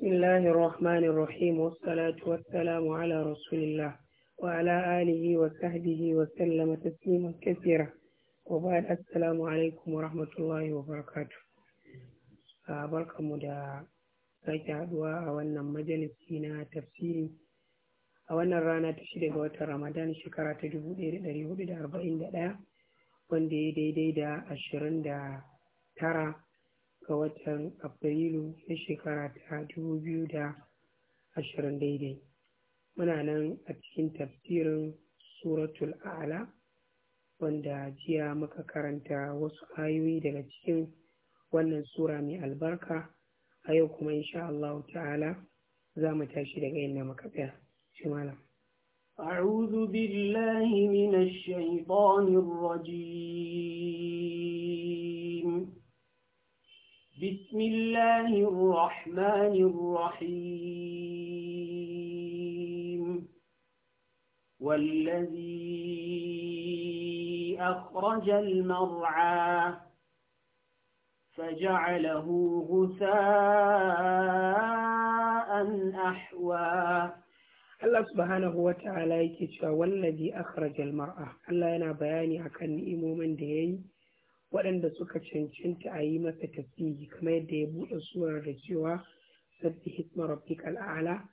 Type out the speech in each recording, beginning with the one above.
بسم الله الرحمن الرحيم والصلاة والسلام على رسول الله وعلى آله وسهده وسلم تسليما كثيرا وبعد السلام عليكم ورحمة الله وبركاته أبارك مدى sake haduwa a wannan majalisi na tafsiri a wannan rana ta shida ga watan أربعين دا ta 1441 دي ya daidai da 29 ga watan Afrilu na shekara ta dubu biyu da ashirin daidai. Muna nan a cikin tafsirin Suratul A'la wanda jiya muka karanta wasu ayoyi daga cikin wannan Sura mai albarka a yau kuma insha Allah ta'ala za mu tashi daga inda muka tsaya. Shimala. أعوذ بالله من الشيطان الرجيم بسم الله الرحمن الرحيم والذي أخرج المرعى فجعله غثاء أحوى الله سبحانه وتعالى يكتشف والذي أخرج المرأة الله ينا بياني أكن إمومن ديني waɗanda suka cancanta a yi masa tasbihi kamar yadda ya buɗe surar da cewa sabbi hikmar rabbika al'ala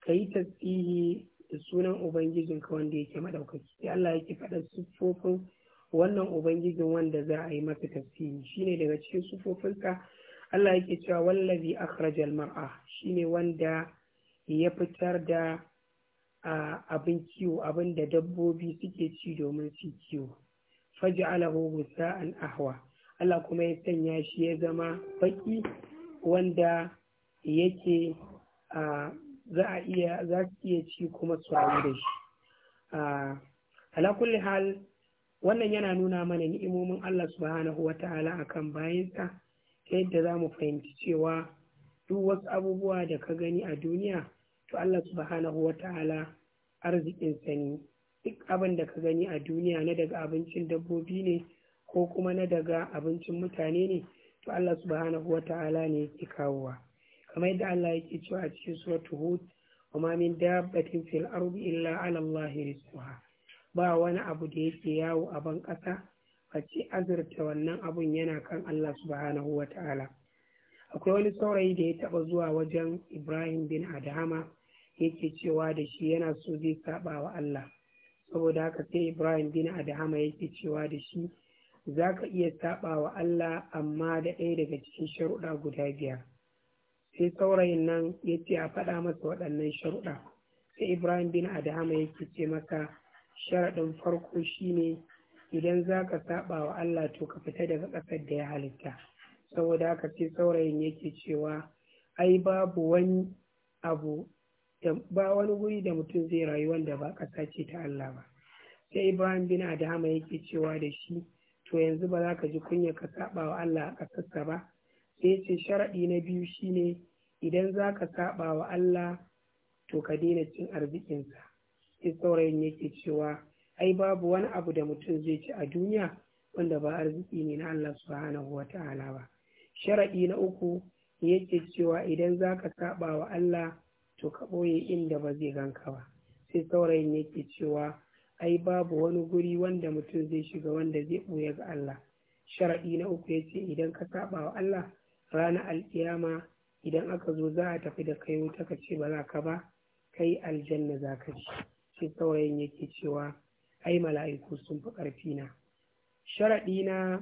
ka yi tasbihi da sunan ubangijinka wanda yake maɗaukaki sai Allah yake faɗa siffofin wannan ubangijin wanda za a yi masa Shi shine daga cikin siffofinsa Allah yake cewa wallazi akhrajal mar'a shine wanda ya fitar da abin kiwo abin da dabbobi suke ci domin su kiwo faj'alahu gusa'an ahwa Allah kuma ya sanya shi ya zama baki wanda yake za a iya za su iya ci kuma su da shi ala kulli hal wannan yana nuna mana ni'imomin Allah subhanahu wa ta'ala akan bayansa ta yadda za mu fahimci cewa duk wasu abubuwa da ka gani a duniya to Allah subhanahu wa ta'ala arzikinsa ne duk abin da ka gani a duniya na daga abincin dabbobi ne ko kuma na daga abincin mutane ne to Allah subhanahu wa ta'ala ne yake kawowa kamar yadda Allah yake cewa a cikin suratul hud wa ma min dabbatin fil ardi illa ala Allah rizquha ba wani abu da yake yawo a ban kasa face azurta wannan abun yana kan Allah subhanahu wa ta'ala akwai wani saurayi da ya taba zuwa wajen Ibrahim bin Adama yake cewa da shi yana so zai saba wa Allah saboda haka sai ibrahim bin adahama yake cewa da shi za ka iya saba wa allah amma da ɗaya daga cikin sharuɗa guda biyar sai saurayin nan ya ce a faɗa masa waɗannan sharuɗa sai ibrahim bin adahama yake ce maka sharaɗin farko shine idan za ka saba wa allah to ka fita daga ƙasar da ya halitta saboda haka sai saurayin yake cewa ai babu wani abu ba wani guri da mutum zai rayu wanda ba ƙasa ce ta Allah ba sai Ibrahim bin Adama yake cewa da shi to yanzu ba za ka ji kunya ka saba wa Allah a ƙasarsa ba sai ce sharaɗi na biyu shine idan za ka saba wa Allah to ka daina cin arzikinsa sai saurayin yake cewa ai babu wani abu da mutum zai ci a duniya wanda ba arziki ne na Allah subhanahu wa ta'ala ba sharaɗi na uku yake cewa idan za ka saba wa Allah to ka ɓoye inda ba zai ganka ba sai saurayin yake cewa ai babu wani guri wanda mutum zai shiga wanda zai ɓoye ga Allah sharaɗi na uku ya ce idan ka saba wa Allah ranar alƙiyama idan aka zo za a tafi da kai wuta ka ce ba za ka ba kai aljanna za ka ci sai saurayin yake cewa ai mala'iku sun fi ƙarfi na sharaɗi na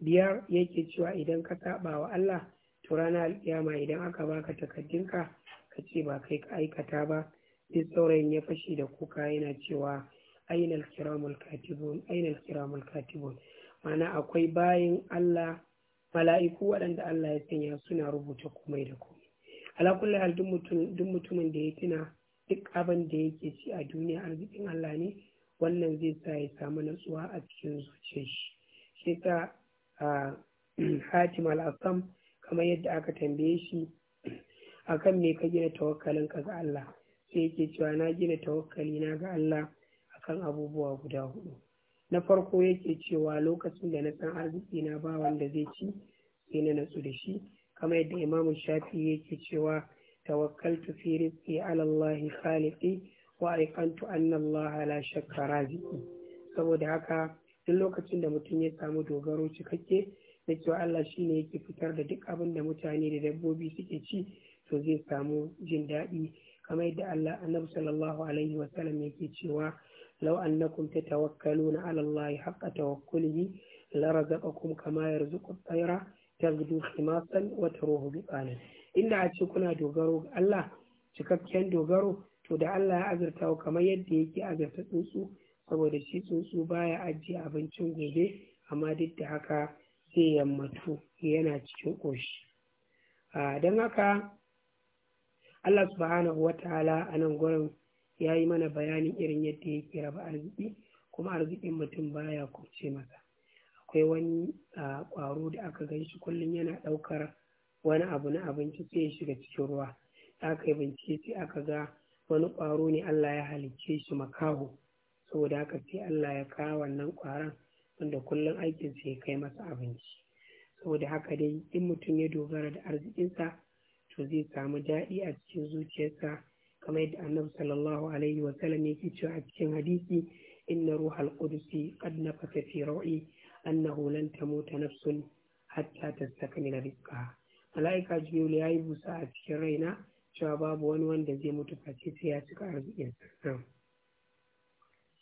biyar yake cewa idan ka saba wa Allah to ranar alƙiyama idan aka baka takardunka ka ce ba kai ka aikata ba sai saurayin ya fashe da kuka yana cewa ainihin kiramul katibun ainihin kiramul katibun mana akwai bayan Allah mala'iku waɗanda Allah ya sanya suna rubuta komai da komai ala hal duk mutumin da ya tuna duk abin da yake ci a duniya arzikin Allah ne wannan zai sa ya samu natsuwa a cikin zuciyar shi shi ta ah, hatim al assam kamar yadda aka tambaye shi akan me ka gina tawakkalin ka ga Allah sai yake cewa na gina tawakkali na ga Allah akan abubuwa guda hudu na farko yake cewa lokacin da na san arziki na ba wanda zai ci sai na natsu da shi kamar yadda imamu shafi yake cewa tawakkaltu fi rizqi ala Allah khaliqi wa aikantu anna Allah la shakka raziqi saboda haka duk lokacin da mutum ya samu dogaro cikakke da cewa Allah shine yake fitar da duk abin da mutane da dabbobi suke ci to zai samu jin daɗi kamar yadda Allah annabi sallallahu alaihi wa sallam yake cewa law annakum tatawakkaluna ala Allah haqqa tawakkulihi la razaqakum kama yarzuqu at-tayra tagdu khimasan wa taruhu biqalan inda a ce kuna dogaro ga Allah cikakken dogaro to da Allah ya azurta kamar yadda yake azurta tsuntsu saboda shi tsuntsu baya ajiye abincin gobe amma duk da haka sai yammatu yana cikin ƙoshi ah, don haka Allah subhanahu wa ta'ala a nan gurin ya yi mana bayanin irin yadda ya yake raba arziki kuma arzikin mutum baya kurce masa akwai wani ƙwaro da aka gan shi kullum yana ɗaukar wani abu na abinci sai ya shiga cikin ruwa aka yi bincike sai aka ga wani ƙwaro ne Allah ya halicce shi makaho saboda haka sai Allah ya kawo wannan kwaron wanda kullum aikinsa ya kai masa abinci saboda haka dai in mutum ya dogara da arzikinsa to zai samu daɗi a cikin zuciyarsa kamar yadda annabi sallallahu alaihi wa sallam yake cewa a cikin hadisi inna ruhal qudusi qad nafasa fi ra'i annahu lan tamuta nafsun hatta tastakmila rizqaha mala'ika jibril yayi busa a cikin raina cewa babu wani wanda zai mutu face sai ya cika arzikin sa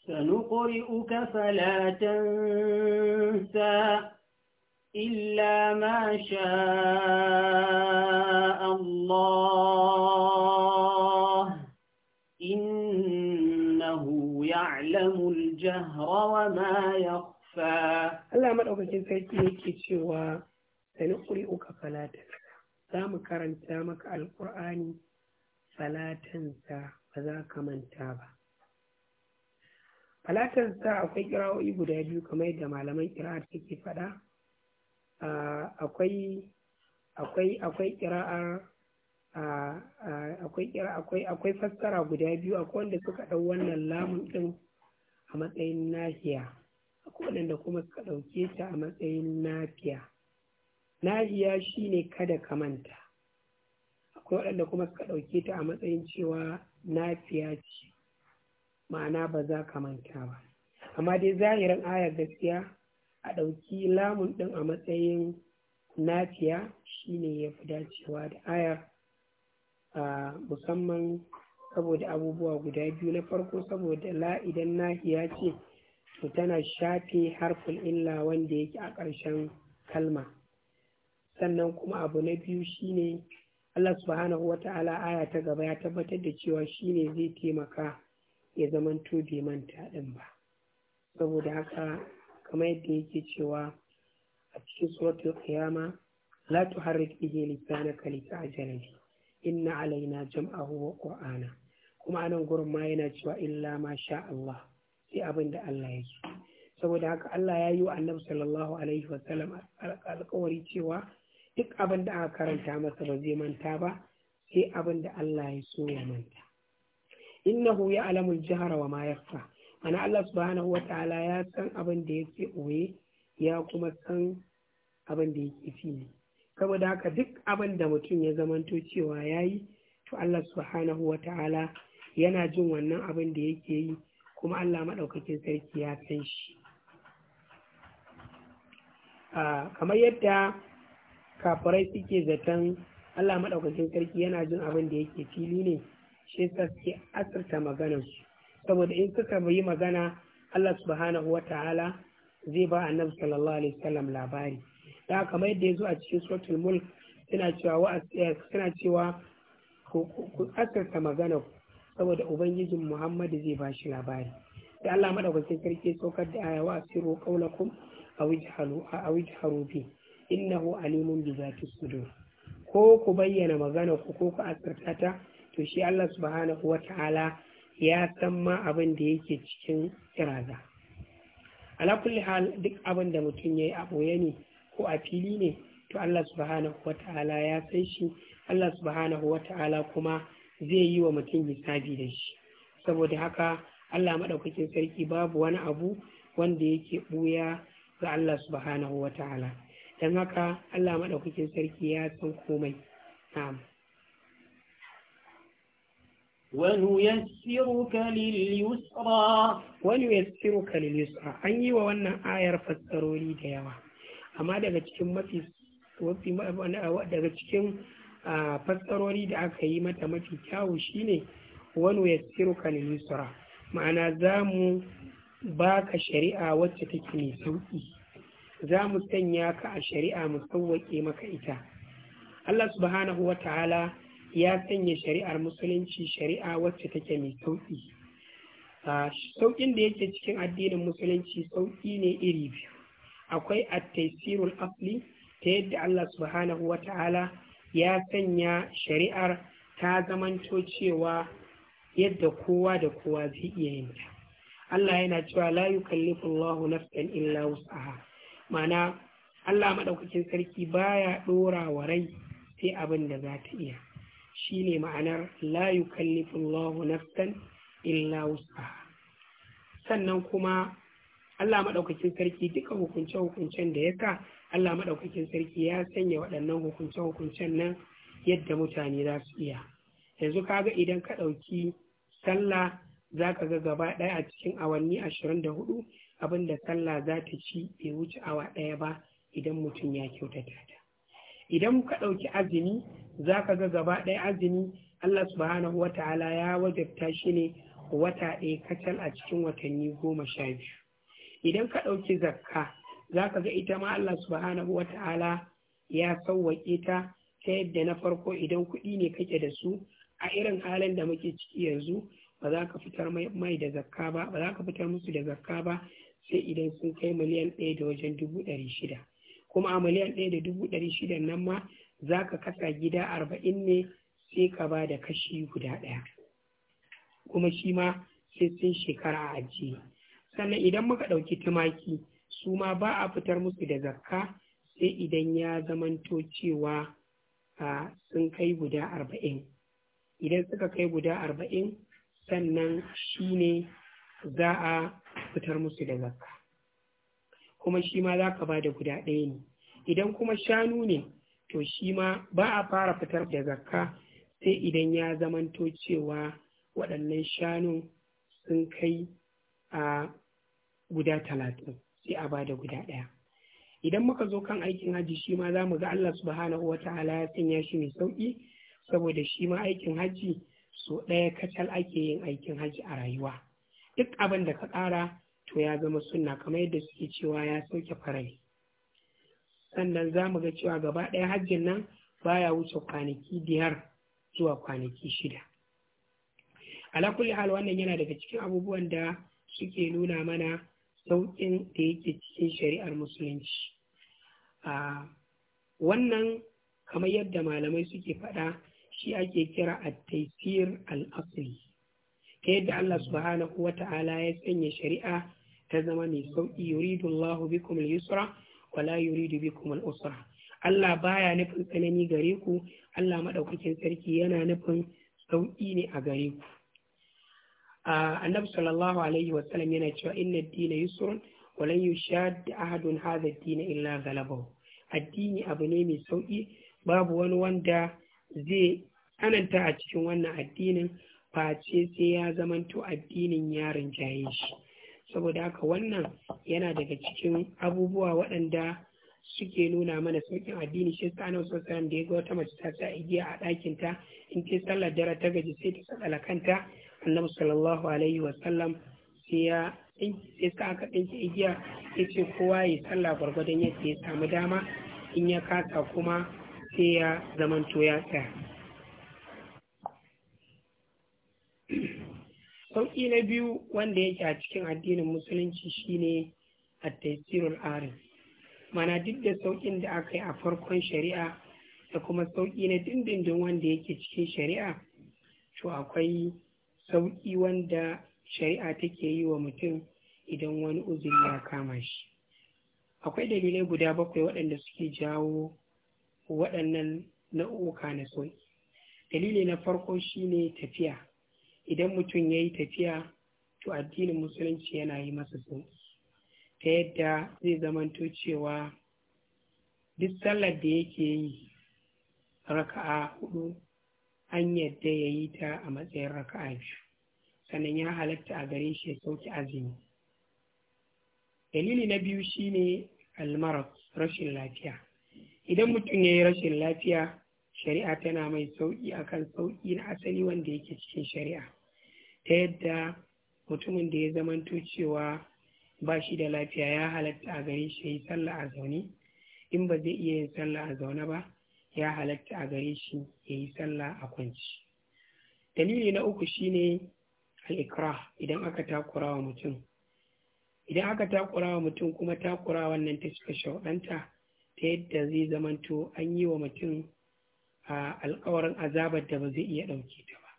sanuqri'uka فلا تنسى إلا ما شاء الله إنه يعلم الجهر وما يخفى الله مدعوكين سيكي يكي شوى سنقرئك فلا تنسى زام كرنتا مك القرآن فلا تنسى فذاك من تابع فلا تنسى أخي قراءة إبو دابيو كما يدى معلمين قراءة كيف فلا akwai akwai akwai fassara guda biyu akwai wanda suka ɗau wannan lamun ɗin a matsayin nahiya akwai wanda kuma suka ɗauke ta a matsayin nafiya nahiya shine kada ka manta akwai waɗanda kuma suka ɗauke ta a matsayin cewa nafiya ce ma'ana ba za ka manta ba amma dai zahirin ayar gaskiya a ɗauki lamun ɗin a matsayin nafiya shine ya fi dacewa da ayar musamman saboda abubuwa guda biyu na farko saboda la idan nahiya ce to tana shafe harfin illa wanda yake a ƙarshen kalma sannan kuma abu na biyu shine Allah subhanahu wa ta'ala aya ta gaba ya tabbatar da cewa shi ne zai taimaka ya zamanto bai manta ɗin ba saboda haka kamar yadda yake cewa a cikin suratul qiyama la tuharrik bihi lisanaka lita'jala ta'jalani inna alaina jam'ahu wa qur'ana kuma anan gurin ma yana cewa illa ma sha Allah sai abin da Allah ya saboda haka Allah ya yi wa Annabi sallallahu alaihi wa sallam alƙawari cewa duk abin da aka karanta masa ba zai manta ba sai abin da Allah ya so ya manta innahu ya'lamul jahra wa ma yakhfa mana Allah subhanahu wa ta'ala ya san abin da yake uwe ya kuma san abin da yake fili saboda haka duk abin da mutum ya zamanto cewa ya yi to Allah subhanahu wa ta'ala yana jin wannan abin da yake yi kuma Allah maɗaukakin sarki ya san shi kamar yadda kafirai suke zaton Allah maɗaukakin sarki yana jin abin da yake fili ne shi sa suke asirta maganarsu saboda in suka yi magana Allah subhanahu wa ta'ala zai ba annabi sallallahu alaihi wasallam labari da kamar yadda ya zo a cikin suratul mulk suna cewa eh, suna cewa ku asarta magana saboda ubangijin Muhammadu zai ba shi labari da Allah madaukakin sarki saukar da aya wa asiru qaulakum aw ijhalu aw ijharu bi innahu alimun bi zati sudur ko ku bayyana magana ku ko ku asarta ta to shi Allah subhanahu wa ta'ala ya san ma abin da yake cikin iraza ala kulli hal duk abin da mutum ya yi a ɓoye ne ko a fili ne to Allah subhanahu wa ta'ala ya san shi Allah subhanahu wa ta'ala kuma zai yi wa mutum hisabi da shi saboda haka Allah maɗaukakin sarki babu wani abu wanda yake ɓuya ga Allah subhanahu wa ta'ala don haka Allah maɗaukakin sarki ya san komai na'am ونيسرك لليسرى ونيسرك لليسرى an yi wa wannan ayar fassarori da yawa amma daga cikin mafi fassarori da aka yi mata mafi kyawu shine wani yassiruka lilisra ma'ana za mu baka shari'a wacce take mai sauƙi za mu sanya ka a shari'a mu sauwaƙe maka ita Allah subhanahu wa ta'ala ya sanya shari'ar musulunci shari'a wacce take mai sauƙi sauƙin da yake cikin addinin musulunci sauƙi ne iri biyu akwai at-taysirul asli ta yadda Allah subhanahu wa ta'ala ya sanya shari'ar ta zamanto cewa yadda kowa da kowa zai iya yin ta Allah yana cewa la yukallifu Allahu nafsan illa wus'aha ma'ana Allah madaukakin sarki baya dora wa rai sai abin da za ta iya Shi ne ma'anar la Lahu nafsan illa wus'aha sannan kuma Allah maɗaukakin sarki duka hukunce-hukuncen da ya sa Allah maɗaukakin sarki ya sanya waɗannan hukunce-hukuncen nan yadda mutane za su iya. Yanzu ka ga idan ka ɗauki sallah za ka ga gaba ɗaya a cikin awanni ashirin da hudu abinda sallah za ta ci bai wuce awa ɗaya ba idan mutum ya kyautata idan ka ɗauki azumi za ka ga gaba ɗaya azumi Allah subhanahu wa ta'ala ya wajabta shi ne wata ɗaya kacal a cikin watanni goma sha biyu idan ka ɗauki zakka za ka ga ita ma Allah subhanahu wa ta'ala ya sauwaƙe ta ta yadda na farko idan kuɗi ne kake da su a irin halin da muke ciki yanzu ba za ka fitar mai da zakka ba ba za ka fitar musu da zakka ba sai idan sun kai miliyan ɗaya da wajen dubu ɗari shida kuma a miliyan ɗaya da dubu ɗari shida nan ma za ka kasa gida arba'in ne sai ka ba da kashi guda ɗaya kuma shi ma sai sun shekara a ajiye sannan idan muka ɗauki tumaki su ma ba a fitar musu da zakka sai idan ya zamanto cewa sun kai guda arba'in idan suka kai guda arba'in sannan shi ne za a fitar musu da zakka kuma shi ma za ka ba da guda ɗaya ne idan kuma shanu ne to shi ma ba a fara fitar da zakka sai idan ya zamanto cewa waɗannan shanun sun kai a guda talatin sai a ba da guda ɗaya idan muka zo kan aikin hajji shi ma za mu ga Allah subhanahu wa ta'ala ya sanya shi mai sauƙi saboda shi ma aikin hajji so ɗaya kacal ake yin aikin hajji a rayuwa duk abin da ka ƙara to ya zama sunna kamar yadda suke cewa ya sauke farali sannan za mu ga cewa gaba ɗaya hajjin nan baya wuce kwanaki biyar zuwa kwanaki shida ala hal wannan yana daga cikin abubuwan da suke nuna mana sauƙin da yake cikin shari'ar musulunci wannan kamar yadda malamai suke faɗa shi ake kira a taifiyar al ta yadda Allah subhanahu wa ta'ala ya sanya shari'a ta zama mai sauƙi yuridu Allahu bikum al-yusra wa la yuridu bikum al-usra Allah baya nufin tsanani gare ku Allah madaukakin sarki yana nufin sauƙi ne a gare ku annabi sallallahu alaihi wa sallam yana cewa inna ad-dina yusrun wa lan yushad ahadun hadha ad-dina illa ghalabahu addini abu ne mai sauƙi babu wani wanda zai tsananta a cikin wannan addinin face sai ya zamanto addinin yarin jaye shi saboda haka wannan yana daga cikin abubuwa waɗanda suke nuna mana saukin addini shi sa annabi sallallahu da ya ga wata mace ta sa igiya a ɗakin ta in ta sallar dare ta gaji sai ta tsala kanta annabi sallallahu alaihi wa sallam sai ya sai sa aka ɗinke igiya ya ce kowa ya sallah gwargwadon yadda ya samu dama in ya kasa kuma sai ya zamanto ya tsaya sauƙi na biyu wanda yake a cikin addinin musulunci shine a taysirul arin mana duk da sauƙin da aka yi a farkon shari'a da kuma sauƙi na dindindin wanda yake cikin shari'a to akwai sauƙi wanda shari'a take yi wa mutum idan wani uzuri ya kama shi akwai dalilai guda bakwai waɗanda suke jawo waɗannan na'uka na sauƙi dalili na farko shine tafiya idan mutum ya yi tafiya to addinin musulunci yana yi masa sauki ta yadda zai zamanto cewa duk sallar da yake yi raka'a hudu an yadda ya yi ta a matsayin raka'a biyu sannan ya halatta a gare shi ya sauki azumi dalili na biyu shine almarat rashin lafiya idan mutum ya yi rashin lafiya shari'a tana mai sauƙi akan sauƙi na asali wanda yake cikin shari'a ta yadda mutumin da ya zamanto cewa ba shi da lafiya ya halatta a gare shi yi sallah a zaune in ba zai iya yin sallah a zaune ba ya halatta a gare shi ya yi sallah a kwanci dalili na uku shine al-ikra idan aka takura wa mutum idan aka takura wa mutum kuma takura wannan ta cika shauɗanta ta yadda zai zamanto an yi wa mutum alkawarin azabar da ba zai iya ɗauke ta ba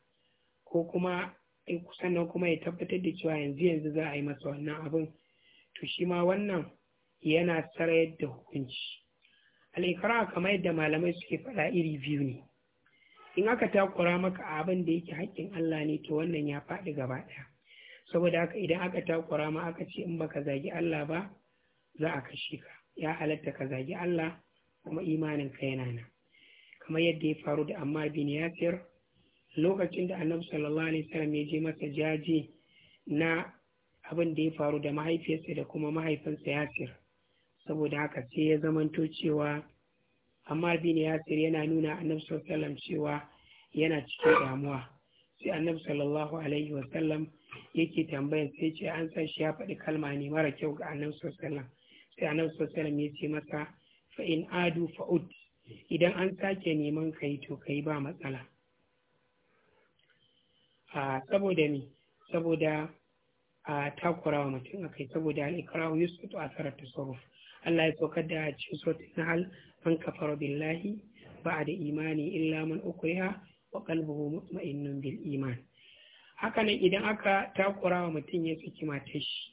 ko kuma eh, sannan kuma ya tabbatar da cewa yanzu yanzu za a yi masa wannan abin to shi ma wannan yana sarayar da hukunci al'ikara kamar yadda malamai suke faɗa iri biyu ne in aka takura maka abin da yake haƙƙin Allah ne to wannan ya faɗi gaba ɗaya saboda haka idan aka takura ma aka ce in baka zagi Allah ba za a kashe ka ya halatta ka zagi Allah kuma imaninka yana nan kamar yadda ya faru da amma bin yasir lokacin da annabi sallallahu alaihi wasallam ya je masa jaji na abin da ya faru da mahaifiyarsa da kuma mahaifinsa yasir saboda haka sai ya zamanto cewa amma bin yasir yana nuna annabi sallallahu alaihi cewa yana cikin damuwa sai annabi sallallahu alaihi wasallam yake tambayan sai ce an san shi ya faɗi kalma ne mara kyau ga annabi sallallahu alaihi wasallam sai annabi sallallahu alaihi wasallam ya ce masa fa in adu fa'ud idan an sake neman kai to kai ba matsala a saboda ni, saboda a takurawa mutum a kai saboda yi su a tsara tsoro. Allah ya saukar da cikin sautin hal an kafara billahi ba da imani illa man ukriha wa qalbuhu mutma'innun bil iman hakanan idan aka takurawa mutum ya saki matashi shi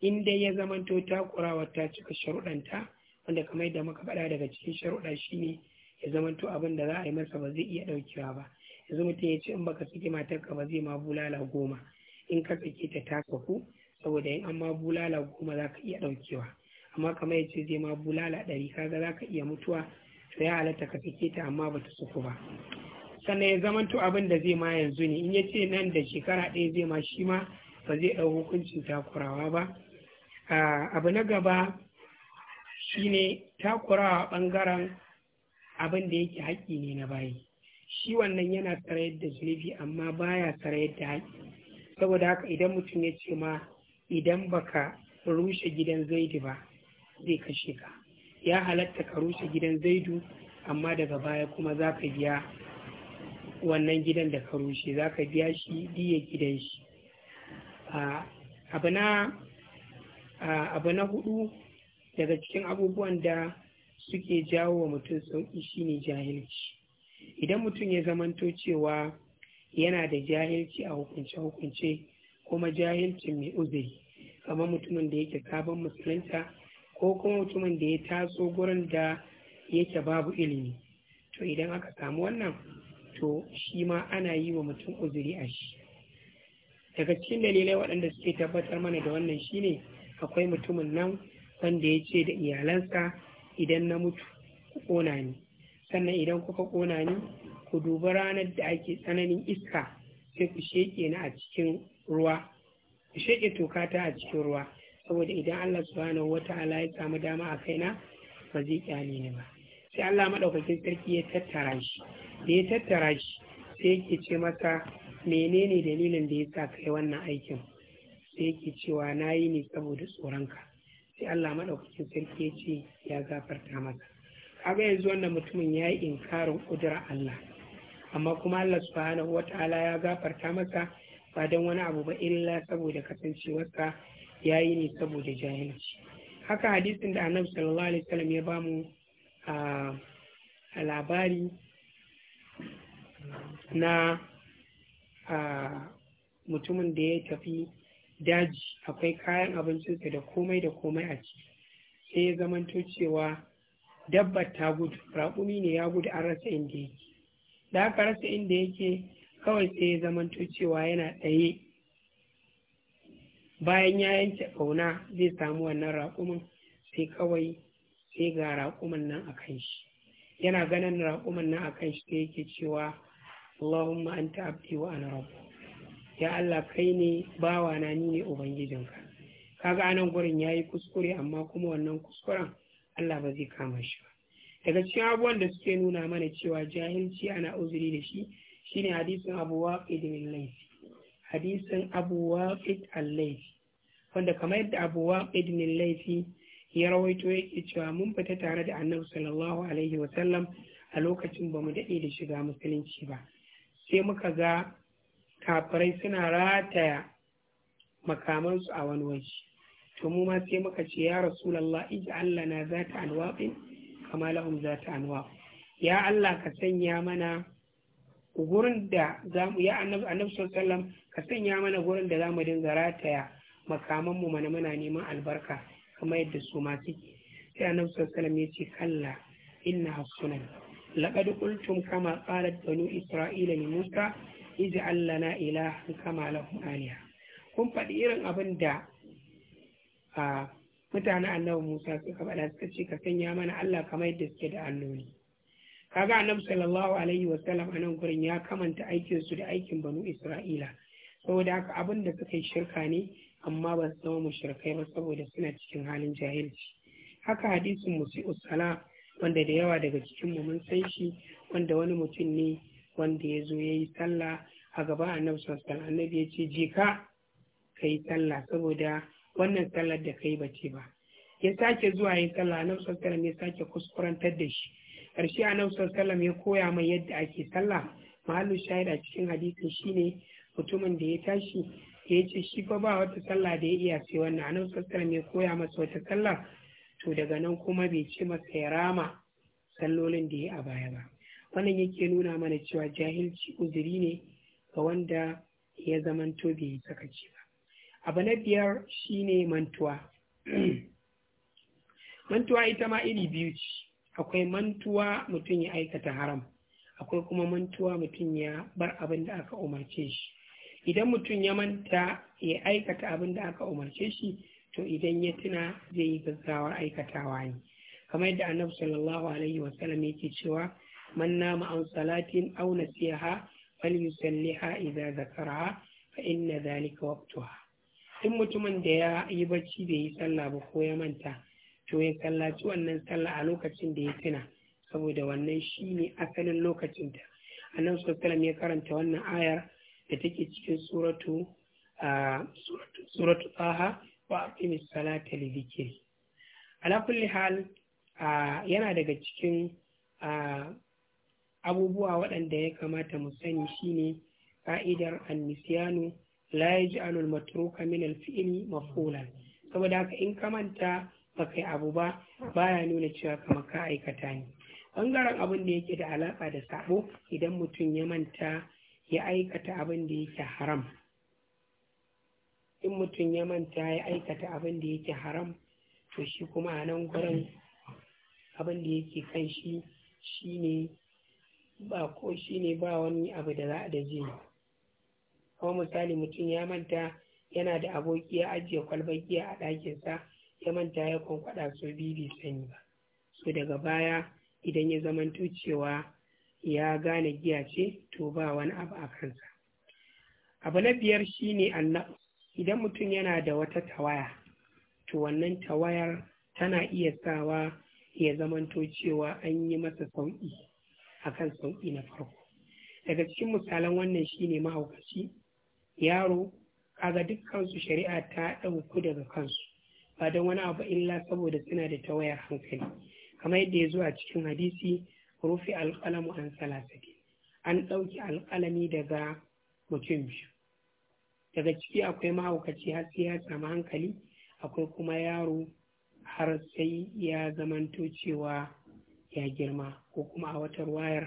in dai ya zamanto takurawa ta cika sharuɗanta wanda kamar yadda muka faɗa daga cikin sharuɗa shi ne ya zamanto abin da za a yi masa ba zai iya ɗaukewa ba yanzu mutum ya ce in baka sake matarka ba zai ma bulala goma in ka sake ta ta saku saboda in an ma bulala goma za ka iya ɗaukewa amma kamar ya ce zai ma bulala ɗari kaga za ka iya mutuwa to ya halatta ka sake ta amma ba ta suku ba sannan ya zamanto abin da zai ma yanzu ne in ya ce nan da shekara ɗaya zai ma shi ma ba zai ɗau hukuncin takurawa ba ah, abu na gaba shine takura a ɓangaren abin da yake haƙƙi ne na bayi shi wannan yana tsarayar da zunubi amma baya tsarayar da haƙƙi saboda haka idan mutum ya ce ma idan baka rushe gidan zaidu ba zai kashe ka ya halatta ka rushe gidan zaidu amma daga baya kuma za ka biya wannan gidan da ka rushe za ka biya shi diya gidan shi ah, abu na ah, hudu daga cikin abubuwan da suke jawo wa mutum sauƙi shine jahilci idan mutum ya zamanto cewa yana da jahilci a hukunce-hukunce kuma jahilcin mai uzuri kamar mutumin da yake sabon musulunta ko kuma mutumin da ya taso gurin da yake babu ilimi to idan aka samu wannan to shi ma ana yi wa mutum uzuri a shi daga cikin dalilai waɗanda suke tabbatar mana da wannan shine akwai mutumin nan wanda ya ce da iyalansa idan na mutu ku ƙona ni sannan idan kuka ƙona ni ku dubi ranar da ake tsananin iska sai ku sheƙe ni a cikin ruwa ku sheƙe tokata a cikin ruwa saboda idan Allah subhanahu wata'ala ya samu dama a kaina ba zai kyale ni ba sai Allah madaukakin sarki ya tattara shi da ya tattara shi sai yake ce masa menene dalilin da ya sa kai wannan aikin sai yake cewa na yi ne saboda tsoronka sai Allah madaukakin sarki ya ce ya gafarta masa kaga yanzu wannan mutumin ya yi inkarin kudura Allah amma kuma Allah subhanahu wata'ala ya gafarta masa ba don wani abu ba illa saboda kasancewarsa ya yi ne saboda jahilci haka hadisin da annabi sallallahu alaihi wasallam ya bamu a labari na mutumin da ya tafi daji akwai kayan abincinsa da komai da komai a ciki sai ya zamanto cewa dabbar ta gudu raƙumi ne ya gudu an rasa inda yake da aka rasa inda yake kawai sai ya zamanto cewa yana tsaye bayan ya yanke ƙauna zai samu wannan raƙumin sai kawai sai ga raƙumin nan a kan shi yana ganin raƙumin nan a kan shi sai yake cewa Allahumma anta abdi wa ana rabbuka ya Allah kai ne bawa na ni ne ubangijinka kaga anan gurin yi kuskure amma kuma wannan kuskuren Allah ba zai kama shi ba daga cikin abubuwan da suke nuna mana cewa jahilci ana uzuri da shi shine hadisin Abu Waqid al-Laythi hadisin Abu Waqid al wanda kamar yadda Abu Waqid laifi ya rawaito yake cewa mun fita tare da Annabi sallallahu alaihi wa sallam a lokacin ba mu daɗe da shiga musulunci ba sai muka ga kafirai suna rataya makamansu a wani waje to mu ma sai muka ce ya rasulullah Allah na zata anwaqin kama lahum zata anwa. ya Allah ka sanya mana gurin da za mu ya annabi annabi sallallahu ka sanya mana gurin da za mu dinga rataya makaman mu mana muna neman albarka kamar yadda su ma suke sai annabi sallallahu ya ce kalla inna hasunan laqad qultum kama qalat banu isra'ila li musa ij'al Allah ilahan kama lahum aliha kun faɗi irin abin da mutane annabi Musa suka faɗa suka ce ka sanya mana Allah kamar yadda suke da Ka ga annabi sallallahu alaihi wa sallam a nan gurin ya kamanta aikinsu da aikin banu Isra'ila saboda haka abin da suka yi shirka ne amma ba su zama mushrikai ba saboda suna cikin halin jahilci haka hadisin Musa usala wanda da yawa daga cikin mu mun san shi wanda wani mutum ne wanda ya zo ya yi sallah a gaba annabi sallallahu annabi ya ce je ka ka yi sallah saboda wannan sallar da kai bace ba ya sake zuwa yin sallah annabi sallallahu ya sake kuskurantar da shi ƙarshe annabi sallallahu ya koya mai yadda ake sallah mahallu shahid a cikin hadisin shine mutumin da ya tashi ya ce shi fa ba wata sallah da ya iya sai wannan annabi sallallahu ya koya masa wata sallah to daga nan kuma bai ce masa ya rama sallolin da ya a baya ba wannan yake nuna mana cewa jahilci uzuri ne ga wanda ya zamanto bai sakaci ba abu na biyar shine mantuwa mantuwa ita ma iri biyu ce akwai mantuwa mutum ya aikata haram akwai kuma mantuwa mutum ya bar abin da aka umarce shi idan mutum ya manta ya aikata abin da aka umarce shi to idan ya tuna zai yi gaggawar aikatawa ne kamar yadda annabi sallallahu alaihi wasallam yake cewa man nama an salatin aw nasiha falyusalliha idza zakaraha fa inna dhalika waqtuha in mutumin da ya yi bacci bai yi sallah ba ko ya manta to ya sallaci wannan sallah a lokacin da ya tuna saboda wannan ne asalin lokacin ta annabi sallallahu ya karanta wannan ayar da take cikin suratu suratu tsaha wa aqimis salata li dhikri ala yana daga cikin abubuwa waɗanda ya kamata mu sani shine ka'idar annisiyanu la yaj'alu al-matruka min al-fi'li saboda haka in ka manta baka abu ba baya nuna cewa kama ka aikata ne bangaren abin da yake da alaƙa da sabo idan mutum ya manta ya aikata abin da yake haram in mutum ya manta ya aikata abin da yake haram to shi kuma a nan gurin abin da yake kan shi shine ba ko shi ne ba wani abu da za a da zai kuma misali mutum ya manta yana da aboki ya ajiye kwalbar giya a ɗakinsa ya manta ya kwankwaɗa so bibi sani ba so daga baya idan ya zama cewa ya gane giya ce to ba wani abu a kansa abu na biyar shi ne idan mutum yana da wata tawaya to wannan tawayar tana iya sawa ya zamanto cewa an yi masa sauƙi akan sauƙi na farko daga cikin misalan wannan shine mahaukaci yaro kaga dukkansu shari'a ta ɗauku daga kansu ba don wani abu illa saboda suna da tawayar hankali kamar yadda ya zuwa cikin hadisi rufe alƙalamu an salasati an ɗauki alƙalami daga mutum biyu daga ciki akwai mahaukaci har sai ya samu hankali akwai kuma yaro har sai ya zamanto cewa ya girma ko kuma a watar wayar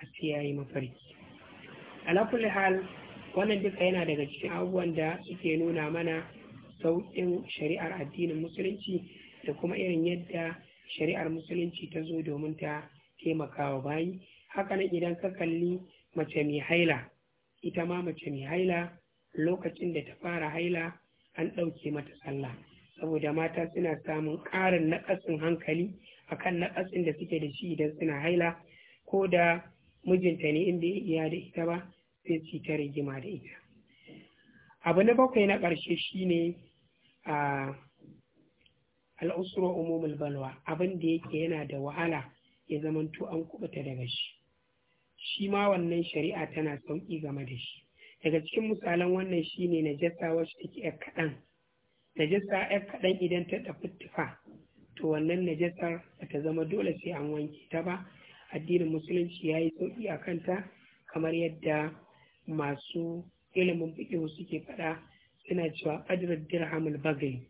a sai ya yi mafarki alakulli hal wannan duka yana daga cikin abubuwan da suke nuna mana sauƙin shari'ar addinin musulunci da kuma irin yadda shari'ar musulunci ta zo domin ta taimaka wa bayi Haka nan idan ka kalli mace mai haila ita ma mace mai haila lokacin da ta fara haila an ɗauke mata sallah saboda mata suna samun ƙarin naƙasin hankali akan naƙasin da suke da shi idan suna haila ko da mijinta ne inda ya iya da ita ba sai su ta rigima da ita abu na bakwai na ƙarshe shine a al'usro umumul balwa abin da yake yana da wahala ya zamanto an kubuta daga shi shi ma wannan shari'a tana sauƙi game da shi daga cikin misalan wannan shine najasa wacce take yar kaɗan najasa yar kaɗan idan ta tafi tufa to wannan najasar ta zama dole sai an wanke ta ba addinin musulunci ya yi sauƙi a kanta kamar yadda masu ilimin fiƙihu suke faɗa suna cewa ƙadirar dirhamul bagai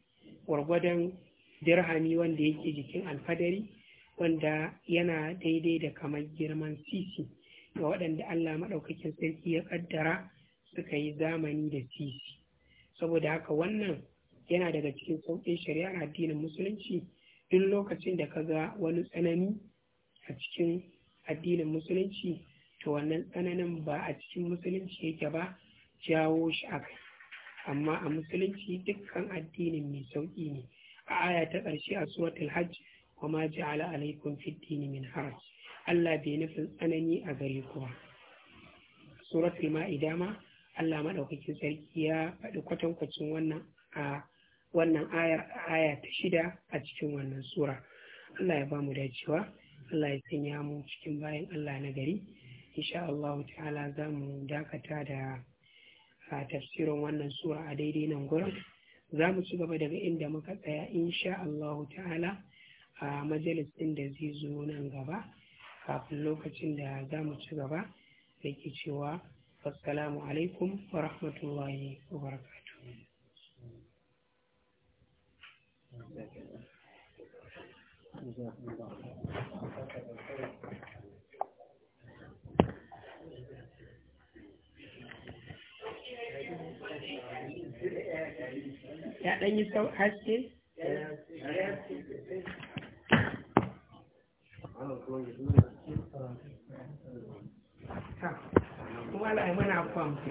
gwargwadon dirhami wanda yake jikin alfadari wanda yana daidai da kamar girman sisi ga waɗanda Allah maɗaukakin sarki ya ƙaddara suka yi zamani da sisi saboda haka wannan yana daga cikin sauƙin shari'ar addinin musulunci duk lokacin da ka ga wani tsanani a cikin addinin musulunci to wannan tsananin ba a cikin musulunci yake ba jawo shi a kai. amma a musulunci dukkan addinin mai sauƙi ne a aya ta ƙarshe a suratul hajj wa ma ja'ala alaikum fid dini min haraj Allah bai nufin tsanani a gare ku ba suratul ma'ida ma Allah madaukakin sarki ya faɗi kwatankwacin wannan a wannan aya aya ta shida a cikin wannan sura Allah ya bamu dacewa Allah ya sanya mu cikin bayan Allah na gari insha Allah ta'ala za mu dakata da tafsirin wannan sura a daidai nan gurin za mu ci gaba daga inda muka tsaya insha Allah ta'ala a majalisin da zai zo nan gaba kafin lokacin da za mu ci gaba da ke cewa assalamu alaikum wa rahmatullahi wa barakatuh ya ɗan yi sau haske kuma la'aimana kwamfi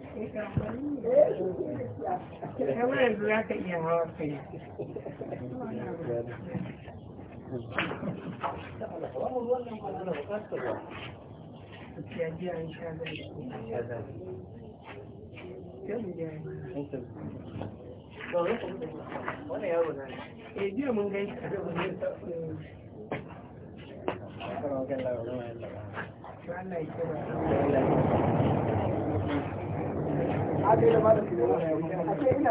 Wani yaro na ne. jiya mun ina